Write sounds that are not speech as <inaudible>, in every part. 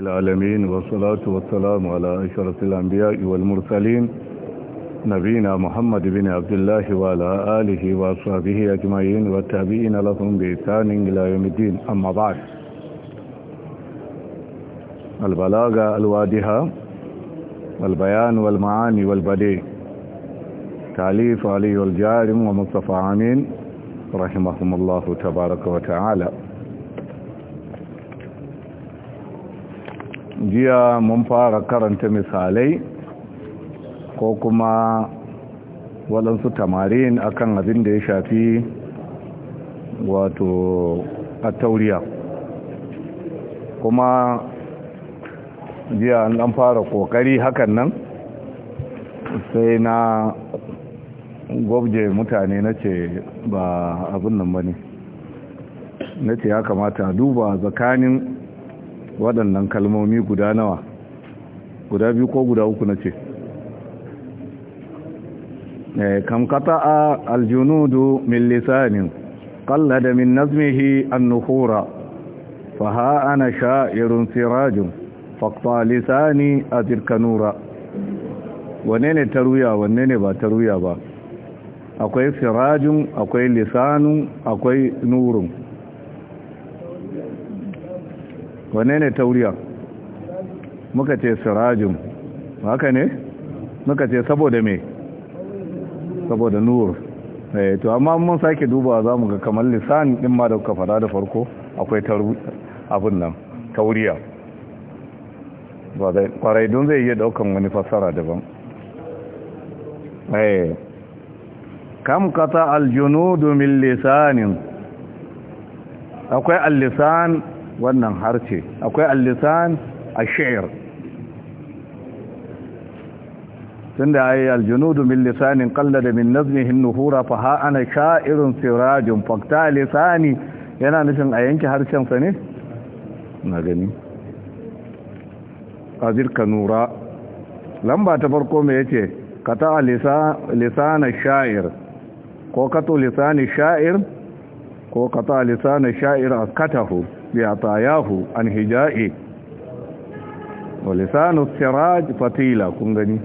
العالمين والصلاة والسلام على أشرف الأنبياء والمرسلين نبينا محمد بن عبد الله وعلى آله وصحبه أجمعين والتابعين لهم بإحسان إلى يوم الدين أما بعد البلاغة الوادحة والبيان والمعاني والبديع تعليف علي الجارم ومصطفى عامين رحمهم الله تبارك وتعالى jiya mun fara karanta misalai ko kuma waɗansu tamarin akan abin da ya shafi wato a tauriya kuma jiya an fara ƙoƙari hakan nan sai na gwabje mutane na ce ba abin nan ba ne na ce ya kamata duba tsakanin waɗannan kalmomi guda nawa guda biyu ko guda uku na ce eh, kam kata a aljunudu min lisanin da min nazmihi an nuhura fa ha ana sha irin sirajin fakta lisani azirka nura wanne ne taruya wanne ne ba taruya ba akwai sirajin akwai lisanin akwai nurun wane ne tauriya muka ce sirajin haka ne muka ce saboda me saboda nur eh to amma mun sake duba za mu ga kamar lisanin din ma da kuka fada da farko akwai abin nan tauriya kwarai don zai iya daukan wani fassara daban eh kam kata aljunudu min lisanin akwai al-lisan wannan harce akwai al-lisan ash-shi'r tunda ayi al-junudu min lisanin qallada min nazmihi an-nuhura fa ha ana sha'irun sirajun faqta lisani yana nufin a yanke harshen sa ne na gani qadir kanura lamba ta farko me yace qata lisan ash-sha'ir ko qatu lisan ash-sha'ir ko qata lisan ash-sha'ir akatahu بعطاياه عن هجائي ولسان السراج فتيلة كنغني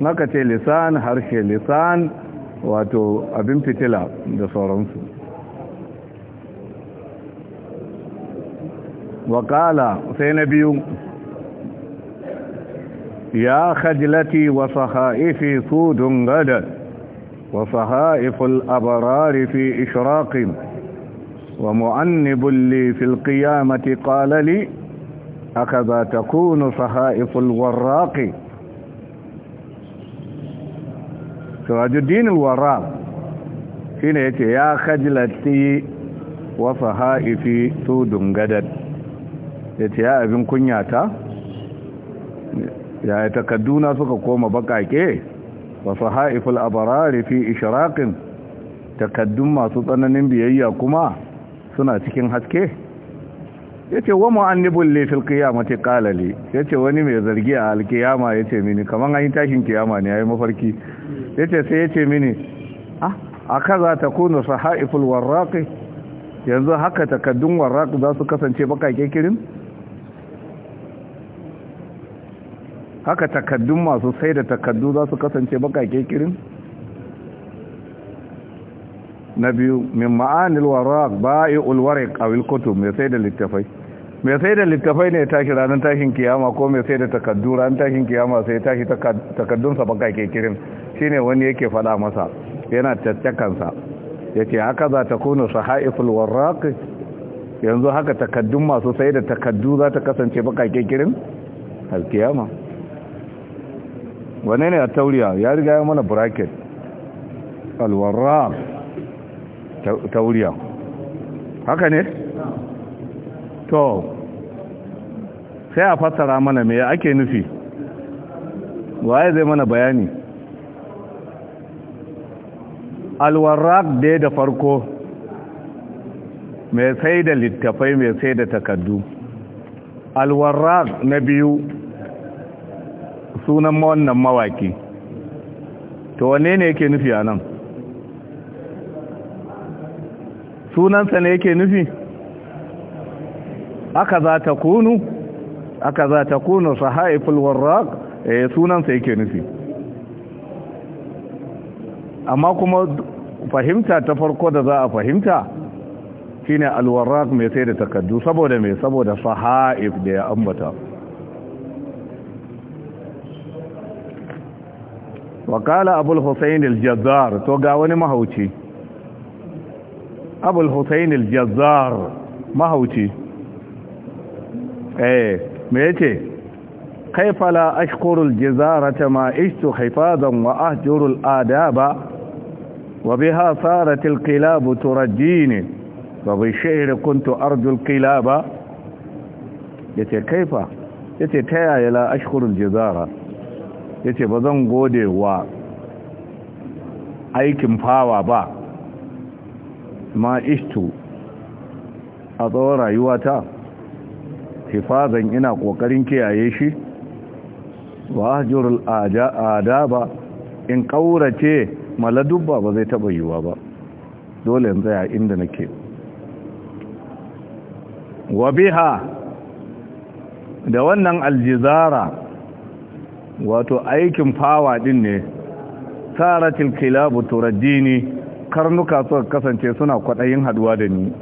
نكتي لسان هرشي لسان واتو أبن فتيلة بصورنس وقال سينبيو يا خجلتي وصخائفي سود غدا وصخائف الأبرار في إشراق ومؤنب لي في القيامة قال لي أكذا تكون صحائف الوراق سراج الدين الوراق هنا يتي يا خجلتي وصحائفي سود قدد يتي يا ابن كنياتا يا يتكدونا سوك قوم بقعك إيه؟ وصحائف الأبرار في إشراق تكدم ما سطنن بيئيا كما suna cikin haske ya ce wa mu'annibin lefil kiyamati kalali ya ce wani mai zargi a alkiyama ya ce mini kamar an yi tashin kiyama ne ya yi mafarki ya ce sai ya ce mini ah, a kaza ta kuna haifin warraƙi yanzu haka takaddun warraƙi za su kasance bakake kirin haka takaddun masu sai da takaddu za su kasance bakake kirin na biyu min ma'anil warraq ba'i'ul waraq awil kutub mai sai da littafai mai sai da littafai ne tashi ranar tashin kiyama ko mai sai da takaddura ranar tashin kiyama sai tashi sa baka ke kirin shine wani yake fada masa yana tattakan sa yace haka za ta kuno sahaiful warraq yanzu haka takaddun masu sai da takaddu za ta kasance baka ke kirin al-kiyama wane ne a tauriya ya riga ya mana bracket alwarraq ta wuriya haka ne? to sai a fassara mana me ake nufi waye zai mana bayani alwarraq dai da farko mai sai da littafai mai sai da takaddu alwarraq na biyu sunan wannan mawaki to wanne ne yake nufi a nan sunansa ne yake nufi aka za ta kunu aka za ta kunu sahaiful warraq eh sunansa yake nufi amma kuma fahimta ta farko da za a fahimta shine alwarraq mai sai da takaddu saboda mai saboda sahaif da ya ambata wakala abul husayn al to ga wani mahauci abul hussein al-jazzar mahauci eh me yace kaifa la ashkuru al-jazarata ma ishtu hifadan wa ahjuru al-adaba wa biha sarat al-qilab turajjini wa bi shi'r kuntu arju al-qilaba yace kaifa yace tayaya la ashkuru al-jazara yace bazan gode wa aikin fawa ba ma ishtu a tsawon rayuwata hifazan ina kokarin kiyaye shi wa hajjurul adaba in ƙaurace maladubba ba zai taba yiwa ba dole in a inda nake wa biha da wannan aljizara wato aikin fawa din ne saratil kilabu turaddini karnuka suka kasance suna kwaɗayin haɗuwa da ni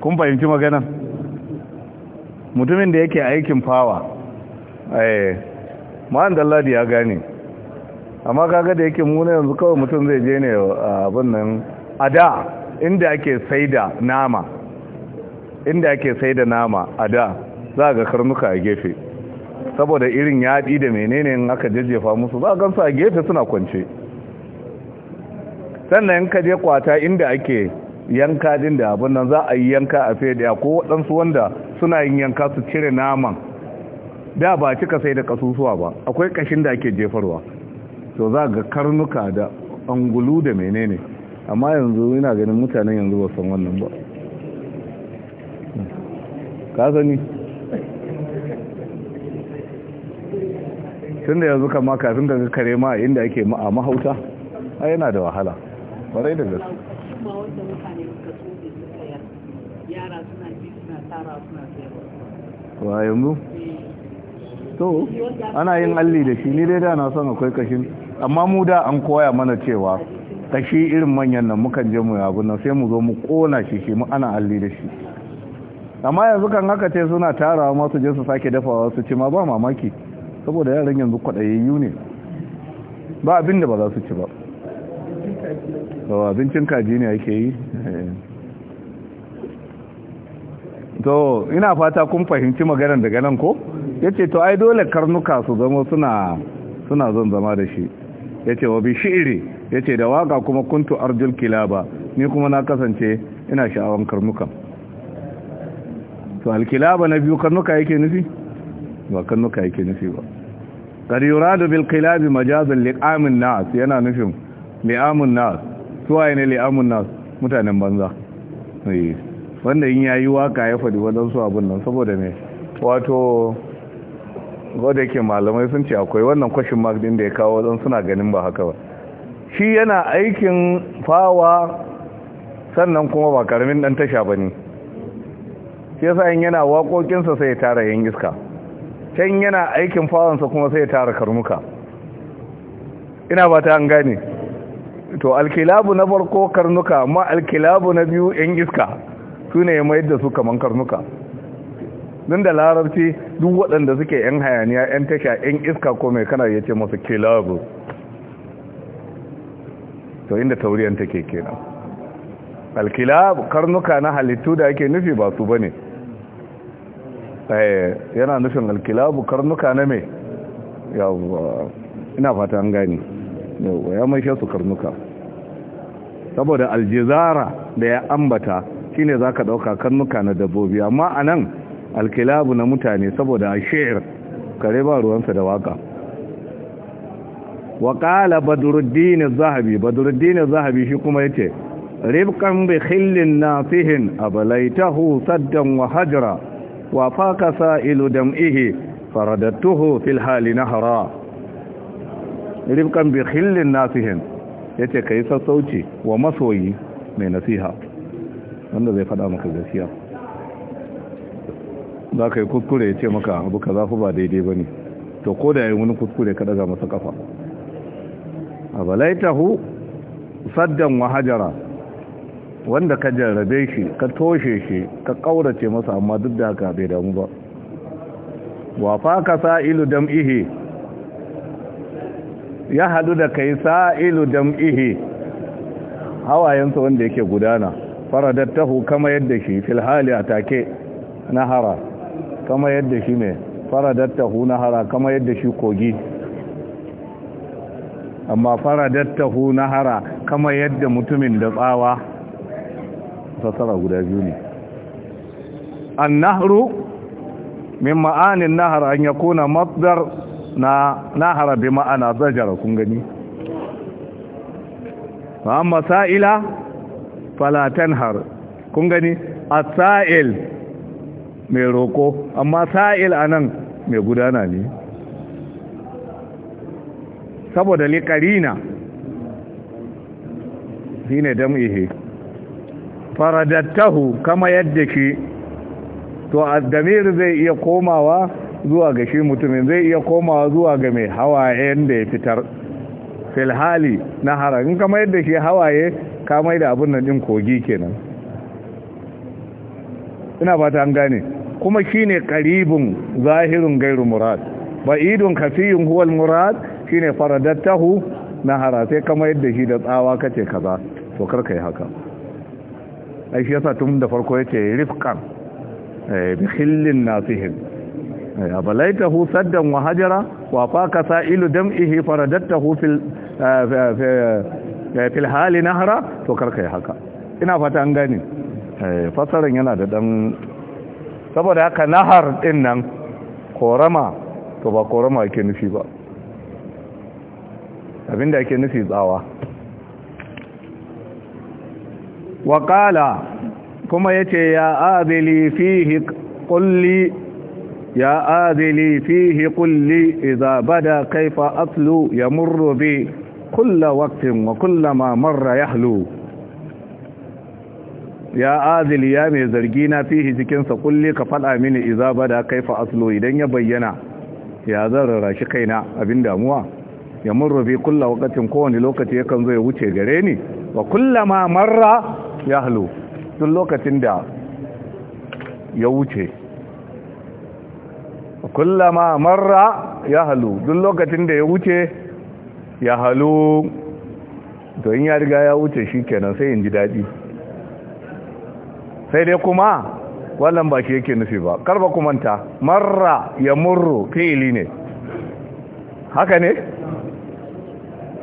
kun fahimci magana mutumin da yake aikin fawa eh ma'an dalladi ya gane amma kaga da yake muna yanzu kawai mutum zai je ne ah, abin nan a da inda ake saida nama inda ake da nama a da za ga karnuka a gefe saboda irin yaɗi da menene in aka jajjefa musu za a gansu a gefe suna kwance sannan yanka je kwata inda ake yanka din da abin nan za a yi yanka a fediya ko waɗansu wanda suna yin yanka su cire naman da ba cika sai da kasusuwa ba akwai kashin da ake jefarwa to za ga karnuka da angulu da menene amma yanzu ina ganin mutanen yanzu ba san wannan ba ka sani tun da yanzu kama kafin ga kare ma inda ake a mahauta a yana da wahala kwarai da gaske wa yanzu eh. to ana yin alli da shi ni dai da na son akwai kashin amma mu da an koya mana cewa kashi irin manyan nan mukan je mu abu na sai mu zo mu kona shi shi mu ana alli da shi amma yanzu kan haka ce suna tarawa masu su su sake dafawa su ci ma ba mamaki saboda yaran yanzu kwaɗayayyu ne ba abin da ba za su ci ba to abincin kaji ne ake yi eh. to ina fata kun fahimci maganar daga nan ko ya ce to ai dole karnuka su zama suna suna zan zama da shi ya ce wa bi shi'iri ya ce da waka kuma kuntu arjul kilaba ni kuma na kasance ina sha'awan karnuka to alkilaba na biyu karnuka yake nufi ba karnuka yake nufi ba kariyura da bil kilabi majazan liqamin nas yana nufin liqamin nas suwaye ne li'amun nas mutanen banza eh, wanda in yayi waka ya faɗi wadansu abin nan saboda ne wato wadda yake malamai sun ce akwai wannan kwashin mark da ya kawo don suna ganin ba haka ba shi yana aikin fawa sannan kuma ba karamin dan tasha ba ne shi yasa yin yana waƙoƙinsa sai ya tara yan iska can yana aikin fawansa kuma sai ya tara karnuka ina ba ta an gane to alkilabu na farko karnuka ma alkilabu na biyu yan iska su ne mayar da su kaman karnuka don da larabci duk waɗanda suke yan hayaniya yan tasha yan iska ko mai kana ya ce masu kilabu to inda tauriyan take kenan alkilabu karnuka na halittu da ake nufi ba su bane eh, yana nufin alkilabu karnuka na mai yawwa ina fata an gani ya mai su karnuka saboda aljizara da ya ambata shine zaka dauka karnuka na dabbobi amma anan alkilabu na mutane saboda ashir kare ba ruwansa da waka wa qala badruddin zahabi badruddin zahabi shi kuma yace ribqan bi khillin nasihin abalaitahu saddan wa hajra wa faqa sa'ilu dam'ihi faradattuhu fil hali nahra rifkan bi khillin nasihin yace kai sassauci wa masoyi mai nasiha wanda zai faɗa maka gaskiya za ka yi kuskure ya ce maka abu ka ku ba daidai ba ne to ko da ya yi wani kuskure ka daga masa kafa a balaitahu saddan wa hajara wanda ka jarrabe shi ka toshe shi ka ƙaurace masa amma duk da haka bai damu ba wa fa ka sa'ilu dam'ihi ya hadu da kai sa'ilu jam’ihi hawayensa wanda yake gudana faradattahu kama yadda shi fil hali atake nahara kama yadda shi mai faradattahu nahara kama yadda shi kogi amma faradattahu nahara kama yadda mutumin da tsawa fasara guda biyu ne an nahru min ma'anin nahar an yakuna masdar na harabe ma'ana ma'ana zajara kun gani amma sa'ila falatan har kun gani a sail mai roko amma sa'il anan mai gudana ne saboda ne dam ihe faradattahu kama yadda ki to a damir zai iya komawa zuwa ga shi mutumin zai iya komawa zuwa ga mai hawayen da ya fitar filhali na hara in kama yadda shi hawaye kama da abin nan din kogi kenan ina ba an gane kuma shi ne karibin zahirin gairu murad ba'idun kafiyun huwal murad shi ne shine na hara sai kama yadda shi da tsawa kace kaza to karka yi haka ai shi yasa tun da farko yace rifqan eh bi khillin nasihin hu saddan wa hajara wa faka sa'ilu dam'ihi faradattahu fil eh, eh, eh, fil hali nahra to karka yi haka ina fata an gane fasaran yana da dan saboda haka nahar din nan korama to ba korama yake nufi ba abinda yake nufi tsawa wa qala kuma yace ya adili fihi qulli يا آذلي فيه قل لي إذا بدا كيف أطلو يمر بي كل وقت وكل ما ya azili ya mai zargi na fihi jikinsa kulle ka faɗa mini iza kaifa aslo idan ya bayyana ya zarara shi kaina abin damuwa ya murrufi kulla wakatin kowane lokaci yakan zo ya wuce gare ni wa kulla ma marra ya lokacin da ya wuce kullama marra ya halu duk lokacin da ya wuce ya halu to in ya riga ya wuce shi kenan sai in ji daɗi sai dai kuma wannan ba shi yake nufi ba karba kumanta marra ya murru fi'ili ne haka ne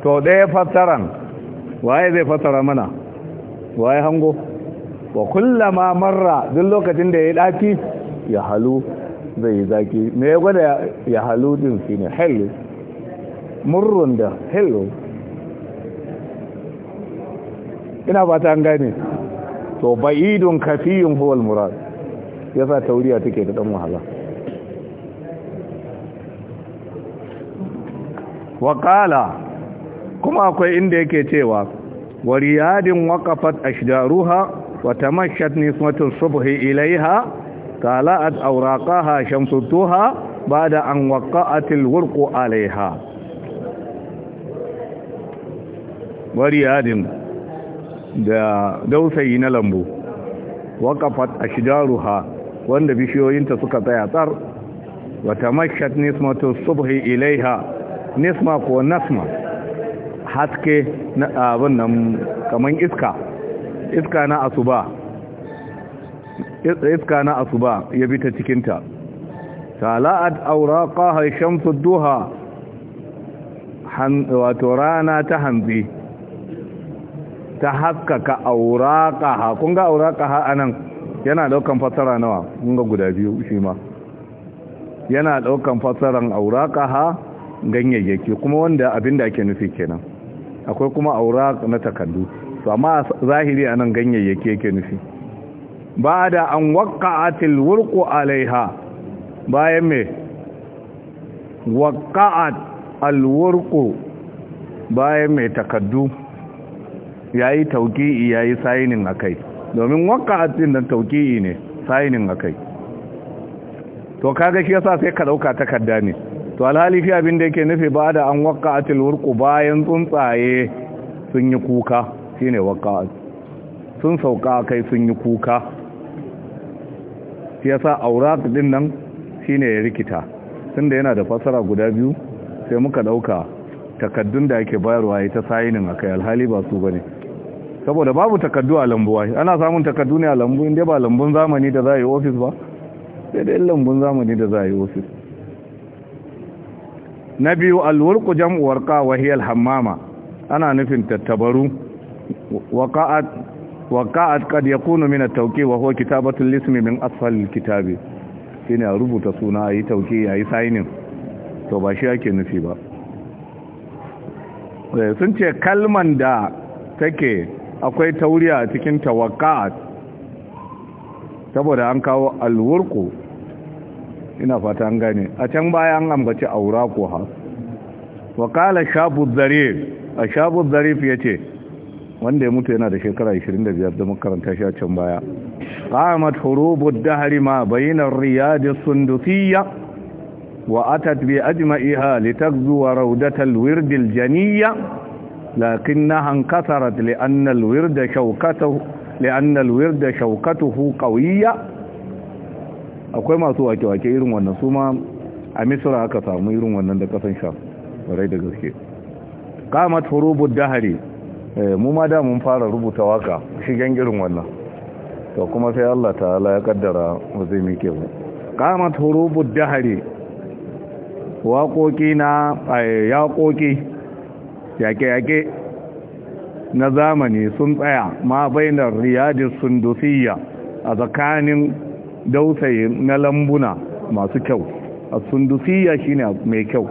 to ɗaya fassaran waye zai fassara mana waye hango wa kullama marra duk lokacin da ya yi ɗafi ya halu zai yi zaki me ya gwada ya halu din shi ne hello murrun da hello ina ba ta gane to ba'idun kafiyun huwal murad yasa tauriya take da dan wahala waƙala kuma akwai inda yake cewa wariyadin riyadin waqafat wata wa tamashat nismatul subhi ilaiha tala'at auraqaha shamsu duha ba'da an waqa'atil wurqu alaiha adim da dausayi na lambu waqafat ashjaruha wanda bishiyoyinta suka tsaya tsar wata mashat nismatu subhi ilaiha nisma ko nasma haske na abun nan kaman iska iska na asuba iska na asuba ya bi ta cikinta tala'at auraqaha shamsu duha wato rana ta hanzi ta haskaka ha kun ga ha anan yana daukan fasara nawa kun ga guda biyu shi ma yana daukan fasaran ha ganyayyaki kuma wanda abinda ake nufi kenan akwai kuma auraq na takardu to amma zahiri anan ganyayyaki yake nufi ba da an waƙa'atil wurku alaiha bayan mai waƙa'at alwurku bayan mai takaddu ya yi tauki'i ya yi sayinin a kai domin waƙa'atin da tauki'i ne sayinin a kai to kaga shi yasa sai ka ɗauka takarda ne to alhali shi abin da yake nufi ba da an waƙa'atil wurku bayan tsuntsaye sun yi kuka shi shine waƙa'at sun sauka a kai sun yi kuka shi yasa aurat din nan shine ya rikita da yana da fasara guda biyu sai muka dauka takaddun da ake bayarwa ita sayinin akai alhali ba su bane saboda babu takaddu a lambuwa ana samun takaddu ne a lambu inda ba lambun zamani da za a yi ofis ba sai dai lambun zamani da za a yi ofis. na biyu alwurku jam'uwar ka wahiyar hammama ana nufin tattabaru waƙa'at waqa'at qad yakunu min at-tawqi wa huwa kitabatu al-ismi min asfal kitabi shine a rubuta suna ayi tawqi ayi signing to ba shi yake nufi ba sun ce kalman da take akwai tauriya a cikin tawakka'at saboda an kawo alwurku ina fata an a can baya an ambaci aura ko ha wakala shabu zarif a shabu zarif ya ce wanda ya mutu yana da shekara 25 da makaranta shi a can baya qamat hurubud dahri ma bayna riyad as-sundusiyya wa atat bi ajma'iha litagzu rawdat al-wird al-janiyya lakinnaha inkasarat li'anna al-wird shawkatuhu li'anna al-wird shawkatuhu qawiyya akwai masu wake-wake irin wannan su ma a misra aka samu irin wannan da kasan sha ƙwarai da gaske qamat hurubud dahri Eh, mu ma da mun fara rubuta waka shigen irin wannan to kuma sai Allah ta'ala ya kaddara zai muke mu qamat hurubud dahri waƙoƙi na eh, yaƙoƙi yaƙe-yaƙe na zamani sun tsaya ma bainar riyadis sundusiyya a tsakanin dausayi na lambuna masu kyau a sundusiyya shine mai kyau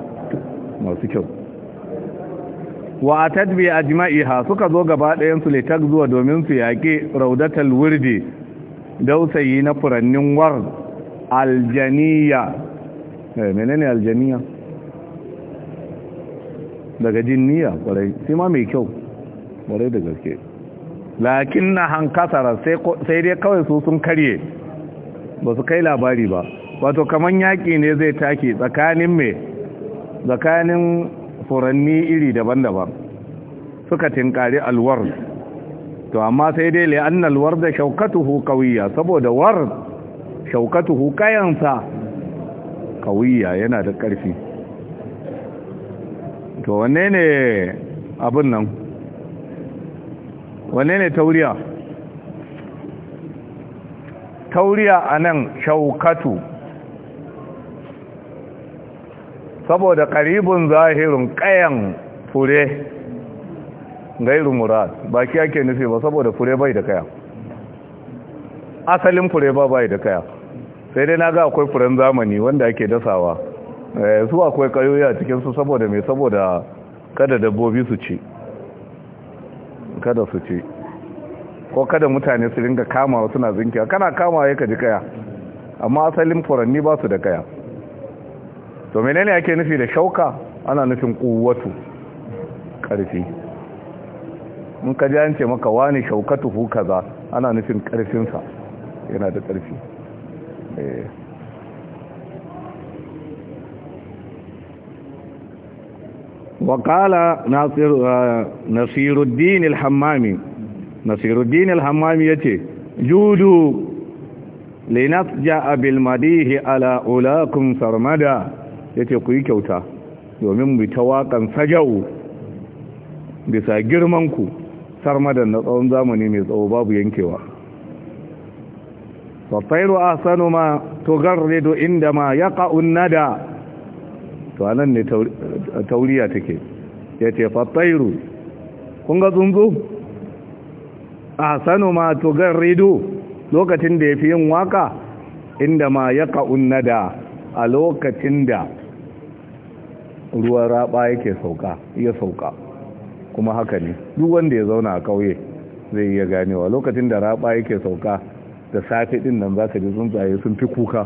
masu kyau wa tadbi bi ajma'iha suka zo gaba ɗayan su zuwa domin su yaƙi raudatal wurdi dausayi na furannin war aljaniya eh menene aljaniya daga jinniya kwarai sai ma mai kyau kwarai da gaske lakin na hankasara sai dai kawai su sun karye ba su kai labari ba wato kaman yaƙi ne zai take tsakanin mai tsakanin furanni iri daban-daban suka tinkari alwar to amma sai dai an alwar da shaukatuhu kawiyya saboda war shaukatuhu kayansa kawiyya yana da ƙarfi to wanne ne abin nan wanne ne tauriya tauriya anan shaukatu saboda karibun zahirin kayan fure gairu murad baki ake nufi ba saboda fure bai da kaya asalin fure ba bai da kaya sai dai na ga akwai furen zamani wanda ake dasawa eh, su akwai kayoya a cikinsu saboda mai saboda kada dabbobi su ci kada su ci ko kada mutane su ringa kama suna zinkiya kana kama ya ka ji kaya amma asalin furanni ba su da kaya to menene ake nufi da shauka ana nufin kuwatu karfi in ka ji an ce maka wani shaukatuhu kaza ana nufin karfinsa yana da karfi وقال ناصر نصير الدين الحمامي نصير الدين الحمامي يتي جودوا لنفجأ بالمديه على أولاكم sarmada? ya ce ku yi kyauta domin mu ta waƙan sajau bisa girmanku sarmadan na tsawon zamani mai tsawo babu yankewa fattairu a sanu ma do inda ma ya ƙa'un nada to anan ne tauriya take ya ce fattairu kun ga tsuntsu a sanu ma do lokacin da ya fi yin waka inda ma ya ƙa'un nada a lokacin da ruwan raba yake sauka iya sauka kuma haka ne duk wanda ya zauna a kauye zai iya ganewa lokacin da raba yake sauka da safe din nan zaka ji tsuntsaye sun fi kuka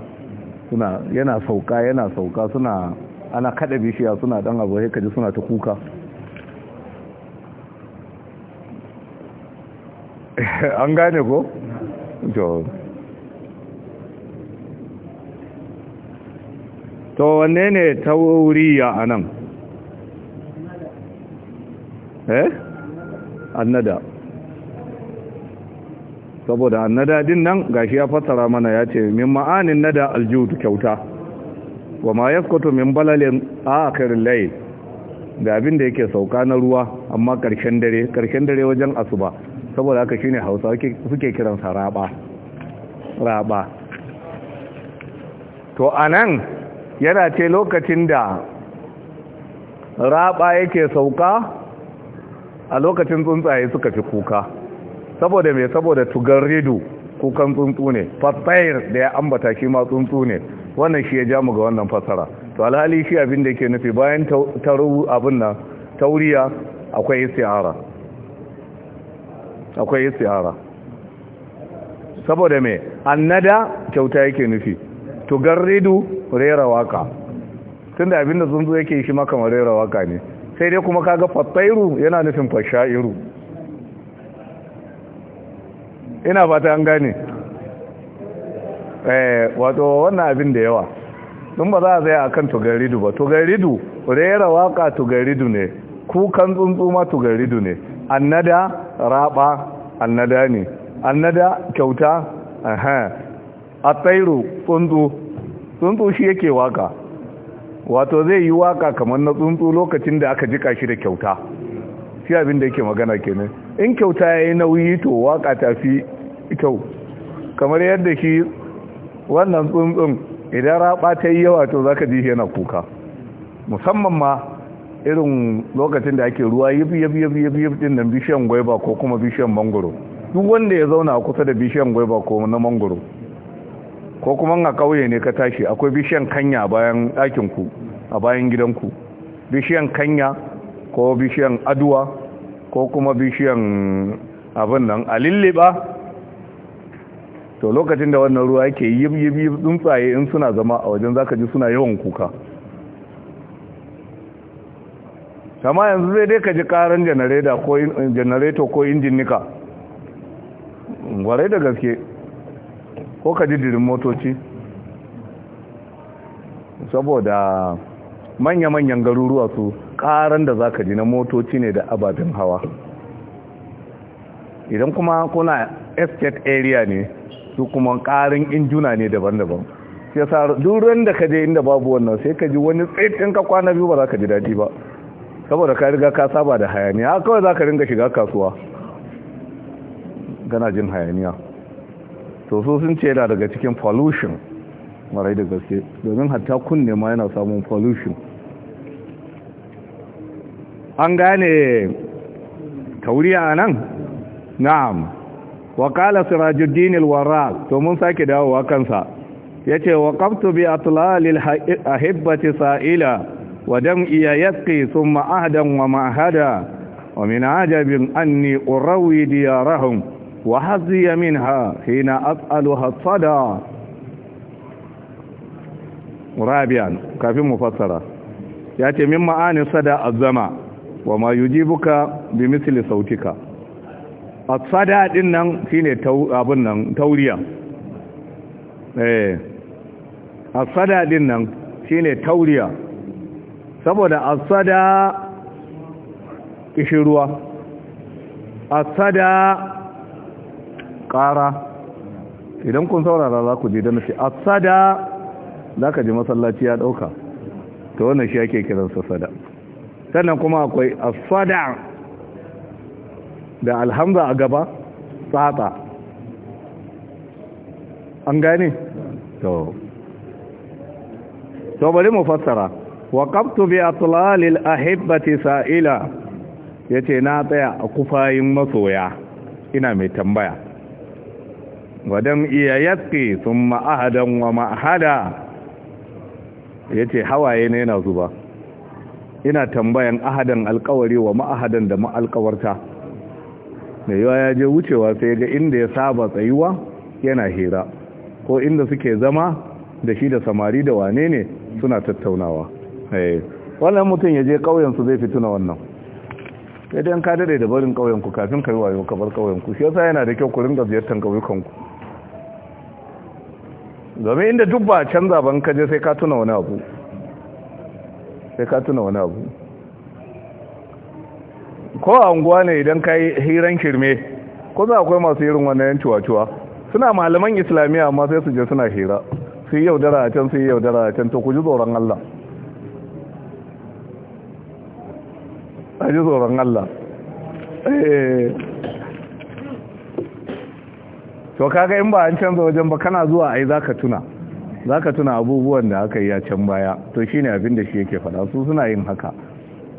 suna yana sauka yana sauka suna ana kada bishiya suna dan abu sai kaji suna ta kuka <laughs> an gane ko to wanne ne tauriya a nan eh annada saboda annada din nan gashi ya fassara mana ya ce min ma'anin nada aljudu kyauta wa ma yaskutu min balalin akhirin layl da abin da yake sauka na ruwa amma karshen dare karshen dare wajen asuba saboda haka shine Hausa suke kiransa raba raba to anan yana ce lokacin da raba yake sauka a lokacin tsuntsaye suka fi kuka saboda mai saboda tugar ridu kukan tsuntsu ne fasayar da ya ambata shi ma tsuntsu ne wannan shi ya ja mu ga wannan fasara to alhali shi abin da ke nufi bayan taru abin nan tauriya akwai istihara akwai istihara saboda me annada kyauta yake nufi tugar ridu rera waka tunda abinda tsuntsu yake shi maka rera waka ne sai dai kuma kaga fattairu yana nufin fashairu ina fata an gane eh wato wannan abin da yawa dun ba za a tsaya akan tugaridu ba tugaridu rera waka tugaridu ne kukan tsuntsu ma tugaridu ne annada raba annada ne annada kyauta aha atairu tsuntsu tsuntsu shi yake waka wato zai yi waka kamar na tsuntsu lokacin da aka jika shi da kyauta shi abin da yake magana kenan in kyauta yayi nauyi to waka ta fi kyau kamar yadda shi wannan tsuntsun idan raba ta yi yawa to zaka ji yana kuka musamman ma irin lokacin da ake ruwa yi yafi yafi nan bishiyan gwaiba ko kuma bishiyan mangoro duk wanda ya zauna kusa da bishiyan gwaiba ko na mangoro ko kuma a kauye ne ka tashi akwai bishiyan kanya a bayan ɗakinku a bayan gidanku bishiyan kanya ko bishiyan aduwa ko kuma bishiyan abin nan a lilliba to lokacin da wannan ruwa yake yi tsuntsaye in suna zama a wajen zaka ji suna yawan kuka kama yanzu zai dai ka ji karan janareto ko injin nika da gaske ko ka didirin motoci saboda manya-manyan garuruwa su karan da za ka ji na motoci ne da ababen hawa idan kuma kuna estate area ne su kuma karin injuna ne daban-daban sai sa durin da ka je inda babu wannan sai ka ji wani tsaitin ka kwana biyu ba za ka ji daɗi ba saboda ka riga ka saba da hayaniya kawai za ka ringa shiga kasuwa gana jin hayaniya Soso sun ce yana daga cikin pollution marai da gaske domin hatta kunne ma yana samun pollution an gane tauriya a nan na'am wakala sirajuddin ilwara to mun sake dawowa kansa Ya yace waqaftu bi atlalil ahibbati sa'ila wa iya yasqi sun ma'adan wa ma'hada wa min ajabin anni urawi diyarahun وحظي منها حين أسألها الصدى رابعا كافي مفسرة يأتي من معاني صدى الزمع وما يجيبك بمثل صوتك الصدى إنن فيني تو... أبنن توليا الصدى إنن فيني تولية saboda الصدى إشروا الصدى ƙara idan kun saurara za ku je da a tsada za ka ji masallaci ya ɗauka ta wannan shi ake kiransa sada sannan kuma akwai a tsada da alhamza a gaba tsatsa an gane? to to bari mu fassara waqaftu bi atlalil ahibbati sa'ila ya ce na tsaya a kufayin masoya ina mai tambaya wadam iya yaki sun ma'ahadan wa ma'ahada ya ce hawaye ne yana zuba ina tambayan ahadan alkawari wa ma'ahadan da ma'alkawarta da yawa ya je wucewa sai ga inda ya saba tsayuwa yana hira ko inda suke zama da shi da samari da wane ne suna tattaunawa wannan mutum ya je ƙauyensu zai fituna wannan Idan ka dade da barin ƙauyenku kafin ka yi wayo ka bar ƙauyenku shi yasa yana da kyau ku ringa ziyartar ƙauyukanku domin inda duk ba canza ban kaje sai ka tuna wani abu sai ka tuna wani abu ko a unguwa ne idan ka yi hiran kirme ko za akwai masu irin wannan cuwa-cuwa suna malaman islamiyya amma sai su je suna hira su yi yaudara a can su yi yaudara a can to ku ji tsoron Allah a ji tsoron Allah eh. to kaga in ba an canza wajen ba kana zuwa ai zaka tuna zaka tuna abubuwan da aka yi a can baya to shine abin da shi yake faɗa su suna yin haka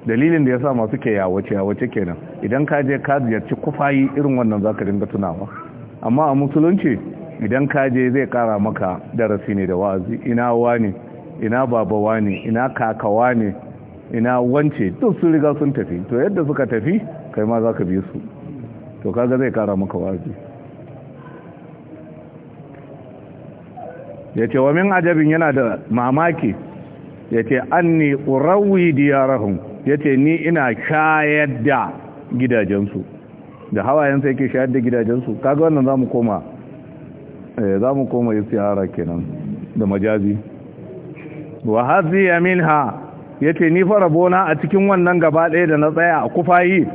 dalilin da yasa masu ke yawace yawace kenan idan ka je ka ziyarci kufayi irin wannan zaka dinga tunawa amma a musulunci idan ka je zai kara maka darasi ne da wa'azi ina wani ina baba ne ina kaka ne ina wance duk sun riga sun tafi to yadda suka tafi kai ma zaka bi su to kaga zai kara maka wa'azi ya ce wa min ajabin yana da mamaki ya ce anni urawi diyararun ya ce ni ina shayar da gidajensu da hawayen sai ke shayar da gidajensu kaga wannan za mu koma eh, za mu koma kenan da majazi wa ha ya yace ni farabona bona a cikin wannan gaba ɗaya da na tsaya a kufayi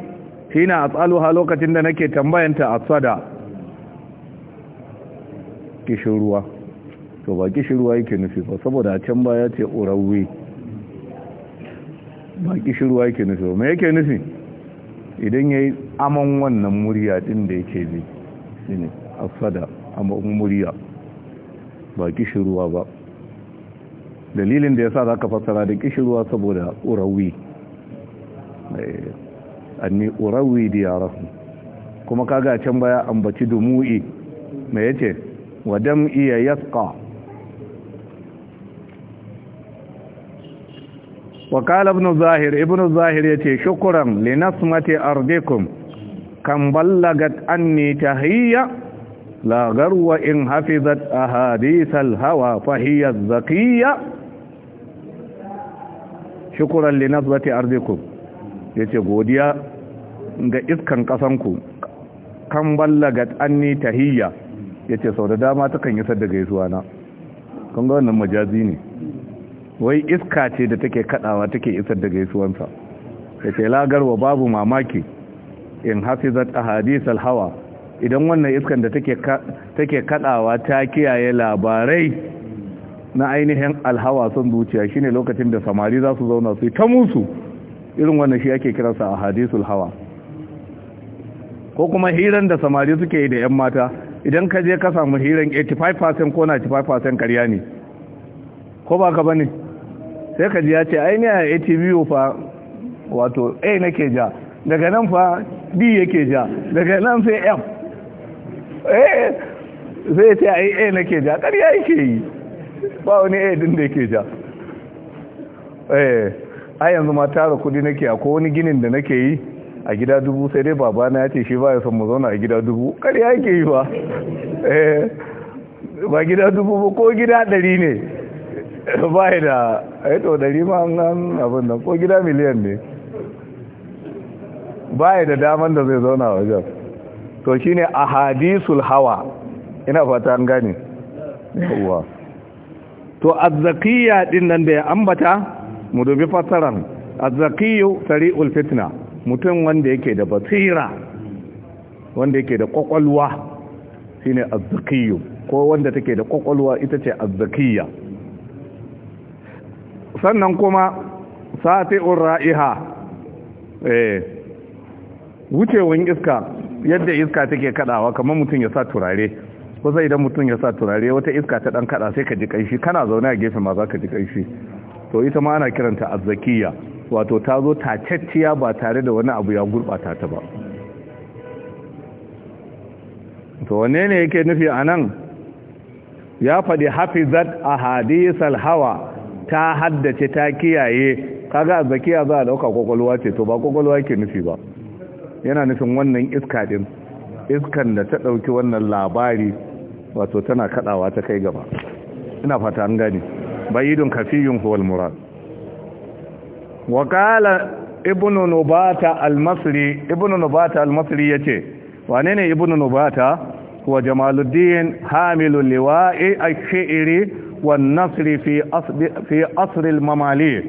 a tsaluha lokacin da nake tambayanta a tsada kishin ruwa to ba ruwa yake nufi ba saboda a can baya ce urawi ba ruwa yake nufi ba me yake nufi idan ya yi aman wannan murya din da yake bi shi ne afada aman murya ba ruwa ba dalilin da ya sa za ka fassara da ruwa saboda urawi eh, anni urawi su kuma kaga can baya ambaci dumu'i me yace wa dam'i yasqa wa qala ibn zahir ibn zahir yace shukran li nasmati ardikum kam ballagat anni tahiyya la garwa in hafizat ahadith al-hawa fa hiya az godiya ga iskan kasanku kan ballagat anni tahiyya da dama takan yi sadda gaisuwa na majazi ne wai iska ce da take kadawa take isar da gaisuwansa yace lagarwa babu mamaki in hafizat ahadith alhawa idan wannan iskan da take take kadawa ta kiyaye labarai na ainihin alhawa sun zuciya shine lokacin da samari za su zauna su ta musu irin wannan shi ake kiransa ahadithul hawa ko kuma hiran da samari suke yi da yan mata idan ka je ka samu hiran 85% ko 95% karya ne ko ba ka bane sai ka ji ya ce ai ne a atv fa wato a nake ja daga nan fa b yake ja daga nan sai f eh sai ce ai a nake ja ƙarya yake yi ba wani a din da yake ja eh ai yanzu ma tara kudi nake a wani ginin da nake yi a gida dubu sai dai babana ya ce shi ba ya son mu zauna a gida dubu ƙarya yake yi ba eh ba gida dubu ba ko gida ɗari ne <laughs> bai da aito dari ma an abin nan ko gida miliyan ne bai da daman da zai zauna wajen to shine hadisul hawa ina fata an gane yawwa to azzakiya din nan da ya ambata mu dubi fasaran azzakiyu sari'ul fitna mutum wanda yake da basira wanda yake da kwakwalwa shine azzakiyu ko wanda take da kwakwalwa ita ce azzakiya sannan kuma sati ra'iha eh wucewan iska yadda iska take kadawa kamar mutum ya sa turare sai idan mutum ya sa turare wata iska ta dan kada sai ka ji kanshi kana zaune a gefe ma za ka ji kanshi to ita ma ana kiranta azzakiya wato ta zo tacacciya ba tare da wani abu ya gurbata ta ba to wanne ne yake nufi anan ya faɗi hafizat ahadithal hawa ta haddace ta kiyaye kaga bakiya za a dauka kwakwalwa ce to ba kwakwalwa ke nufi ba yana nufin wannan iska din iskan da ta dauki wannan labari wato tana kadawa ta kai gaba ina fata an gani bayidun kafiyun huwal murad wa qala ibnu nubata al-masri ibnu nubata al-masri yace wane ne ibnu nubata huwa jamaluddin hamilul liwa'i ash-shi'ri والنصر في أصل في المماليك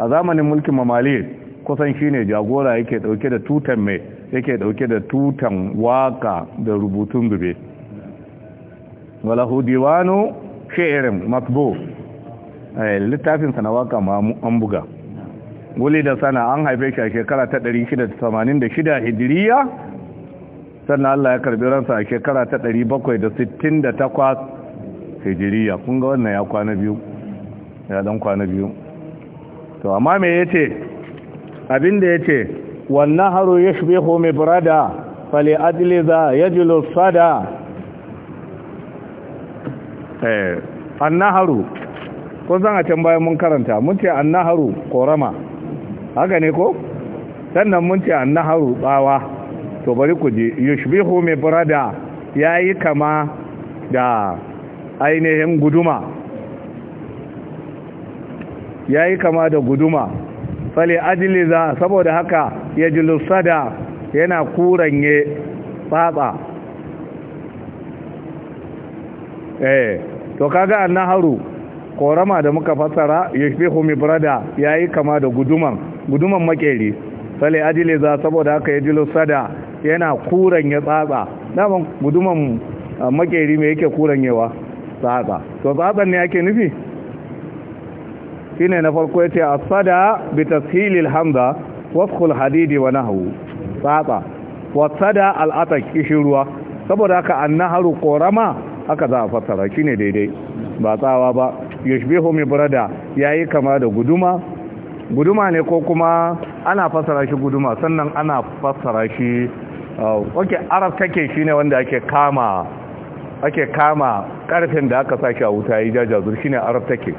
a zamanin mulkin mamali kusan shine jagora yake dauke da tutan mai yake dauke da tutan waka da rubutun dube wala hudiwanu shi'rin matbu eh littafin sana waka ma an buga guli da sana an haife shi a shekara ta 686 hijiriya sannan Allah ya karbi ransa a shekara ta 768 hijiriya kun ga wannan ya kwana biyu ya dan kwana biyu to amma me yace abinda yace wannan haru yashbihu brada fali adli za yajlu sada eh an naharu ko zan a can bayan mun karanta mun ce an naharu korama haka ne ko sannan mun ce an naharu tsawa to bari ku ji yushbihu brada yayi kama da ainihin guduma ya yi kama da guduma fali ajiliza saboda haka ya jilusada yana kuranye tsatsa eh to kaga annaharu korama da muka fassara yashbihu ya yayi kama da guduman guduman makeri fale ajiliza saboda haka ya jilusada yana kuranye tsatsa daman guduman ah, makeri me yake kuranyewa tsatsa to tsatsan ne ake nufi shine na farko yace asada bi tashilil hamza wasqul hadidi wa nahwu tsatsa wasada al atak ruwa saboda haka annaharu korama haka za a fassara shine daidai ba tsawa ba yashbihu mi burada yayi kama da guduma guduma ne ko kuma ana fassara shi guduma sannan ana fassara shi uh, oke arab take shine wanda ake kama ake kama karfin da aka sake a wuta yi jajazur shine arab take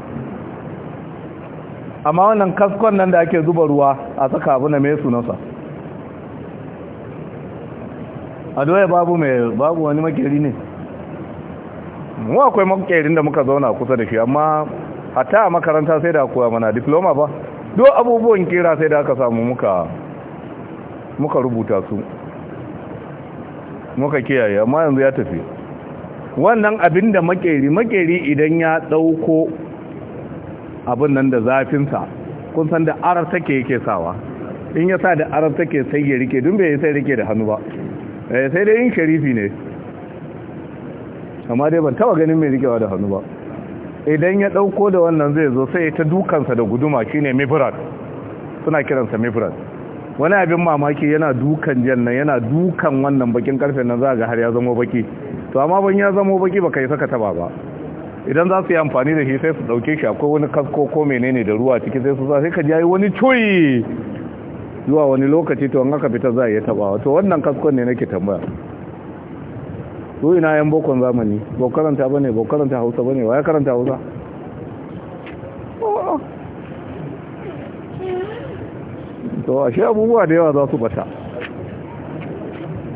amma wannan kaskon nan da ake zuba ruwa a saka abu na mai sunansa a doya babu mai babu wani makeri ne mu akwai makerin da muka zauna kusa da shi amma hata a makaranta sai da kuwa mana diploma ba do abubuwan kera sai da aka samu muka muka rubuta su muka kiyaye amma yanzu ya tafi wannan abin da makeri makeri idan ya ɗauko abin nan da zafinsa kun san da arar take yake sawa in ya sa da arar take sai ya rike dun bai sai rike da hannu ba eh, sai dai yin sharifi ne amma dai ban taba ganin mai rikewa da hannu ba idan ya ɗauko da wannan zai zo sai ta dukansa da guduma shine mifrad suna kiransa mifrad wani abin mamaki yana dukan jan yana dukan wannan bakin karfe na za ga har ya zama baki to amma ban ya zama baki baka yi saka taba ba idan za su yi amfani da shi sai su dauke shi akwai wani kasko ko menene da ruwa ciki sai su sa sai ka ji wani coyi zuwa wani lokaci to an aka fita za a yi tabawa to wannan kaskon ne nake tambaya su ina yan bokon zamani ba karanta bane ba karanta hausa bane wa ya karanta hausa to ashe abubuwa da yawa za su bata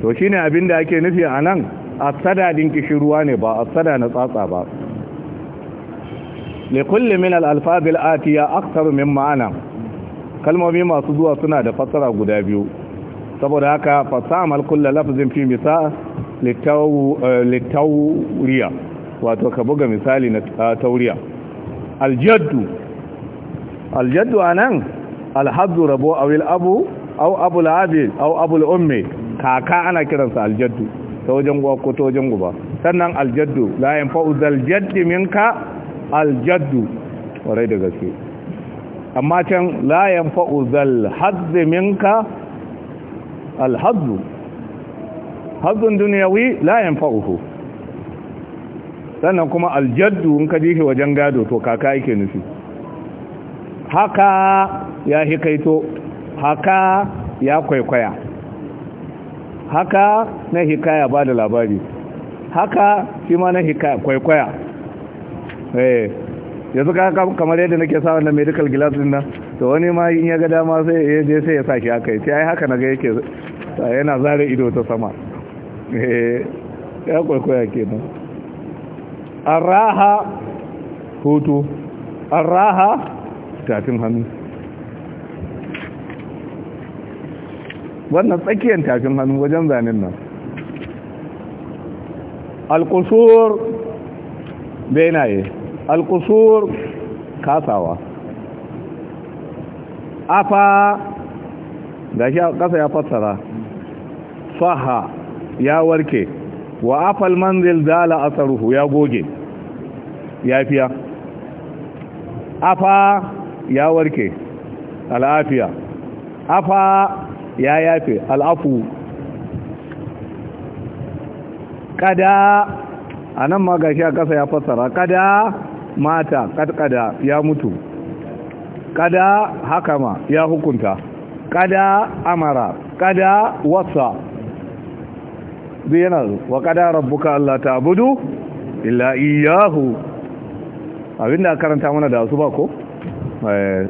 to shi ne abin da ake nufi a nan asada din kishirwa ne ba a asada na tsatsa ba ne kulle min al'alfabil Ati ya atiya min ma'ana kalmomi masu zuwa suna da fassara guda biyu saboda haka fasamal kulle lafazin fi misa littauriya eh, wato ka buga misali na eh, tauriya aljaddu aljaddu a nan? alhazu rabo awil abu au abu labi aw abu ummi kaka ana kiransa aljaddu ta wajen uwa ko ta wajen guba sannan aljaddu la yanfa'u zal jaddi minka aljaddu warai da gaske amma can la yanfa'u zal hazzi minka alhazu hazzun dunyawi la fa’uhu sannan kuma aljaddu in ka ji shi wajen gado to kaka yake nufi haka ya hikaito haka ya kwaikwaya haka na hikaya ba da labari haka shi ma na hikaya kwaikwaya eh yanzu ka kamar yadda nake sa wannan medical glass din nan to wani ma in ya ga dama sai ya je sai ya saki haka ya ai haka naga yake yana zare ido ta sama eh ya kwaikwaya kenan araha hutu araha tafin hannu wannan tsakiyar tafin hannu wajen zanen nan alkusur benaye alkusur kasawa afa da shi kasa ya fassara faha ya warke wa afal manzil zala asaruhu ya goge ya fiya afa ya warke al'afiya afa ya yafe al'afu kada a nan magashi a ƙasa ya fassara kada mata ƙadƙada ya mutu kada hakama ya hukunta kada amara kada wasa zai wa kada rabbuka Allah ta budu, illa iyahu abinda karanta mana da su ba ko? Eh,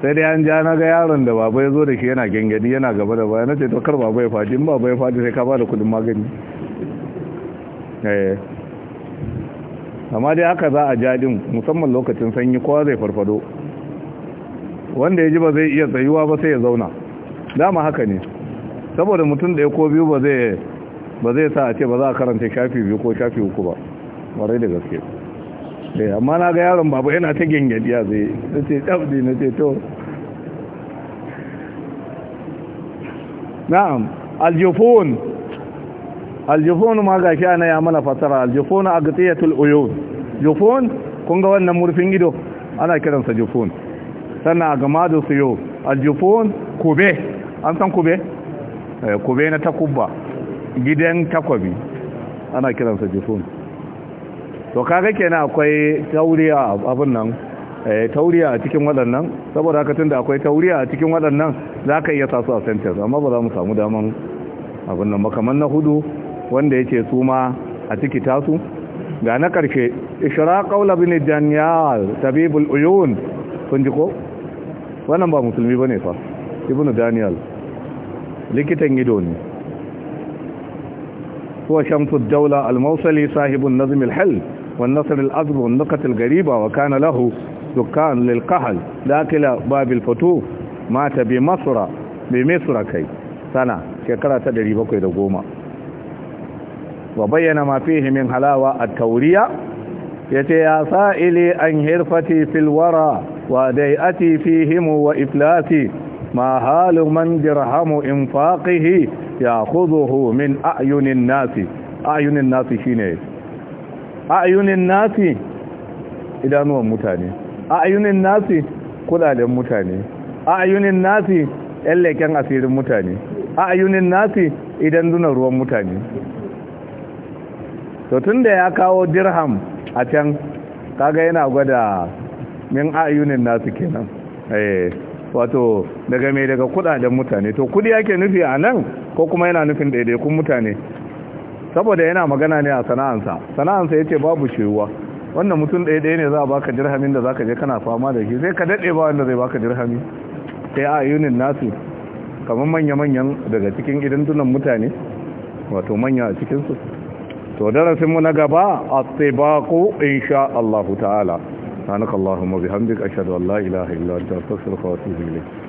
sai dai an ja na ga yaron da baba ya zo da shi yana gangani yana gaba da baya na ce to kar ya faɗi in babu ya faɗi sai ka ba da kudin magani eh, amma dai haka za a jadin musamman lokacin sanyi kowa zai farfado wanda ya ji ba zai iya tsayuwa ba sai ya zauna dama haka ne saboda mutum da ya ko biyu ba zai sa a ce ba za a karanta shafi biyu ko shafi uku ba warai da gaske Eh, amma na ga yaron babu yana ta gengadi a zai na ce tsabdi na ce to na'am aljifon aljifon ma ga shi ana ya mana fasara aljifon a gatsiyatul uyun jifon kun ga wannan murfin ido ana kiransa jifon sannan a gama da suyo aljifon kube an san kube eh, kube na takubba gidan takwabi ana kiransa jifon to kaga kenan akwai tauriya abin nan eh, tauriya a cikin waɗannan saboda haka tunda akwai tauriya a cikin waɗannan za ka iya tasu a sentence amma ba za mu samu daman abin nan makaman na hudu wanda yake su ma a ciki tasu ga na karshe ishra qawla bin daniyal tabibul uyun kun ji ko wannan ba musulmi bane fa Ibn daniyal likitan ido ne هو شمس الدولة الموصلي صاحب النظم nazm al-hal والنصر الأصب والنقط الغريبة وكان له دكان للقهل داخل باب الفتوح مات بمصر بمصر كي سنة شكرا تدري بكي دقوما وبين ما فيه من حلاوة التورية يتيا سائلي أن هرفتي في الورى وديئتي فيهم وإفلاتي ما حال من درهم إنفاقه يأخذه من أعين الناس أعين الناس شينيه a'yunin nasi idanuwan mutane a'yunin nasi kudaden mutane a'yunin nasi yan leken asirin mutane a'yunin nasi idan duna ruwan mutane to tun da ya kawo dirham a can kaga yana gwada min a'yunin nasi kenan eh, wato daga mai daga kudaden mutane to kudi yake nufi a nan ko kuma yana nufin daidaikun mutane saboda yana magana ne a sana'ansa sana'ansa ce babu shewa wannan mutum ɗaya ɗaya ne za a baka jirhamin da za ka je kana fama da shi sai ka daɗe ba wanda zai baka jirhami sai a yunin nasu kamar manya-manyan daga cikin tunan mutane wato manya a cikinsu to darasinmu na gaba a tsibaku insha Allah ta'ala sanaka Allahumma bihamdik ashhadu an la ilaha illa anta astaghfiruka wa atubu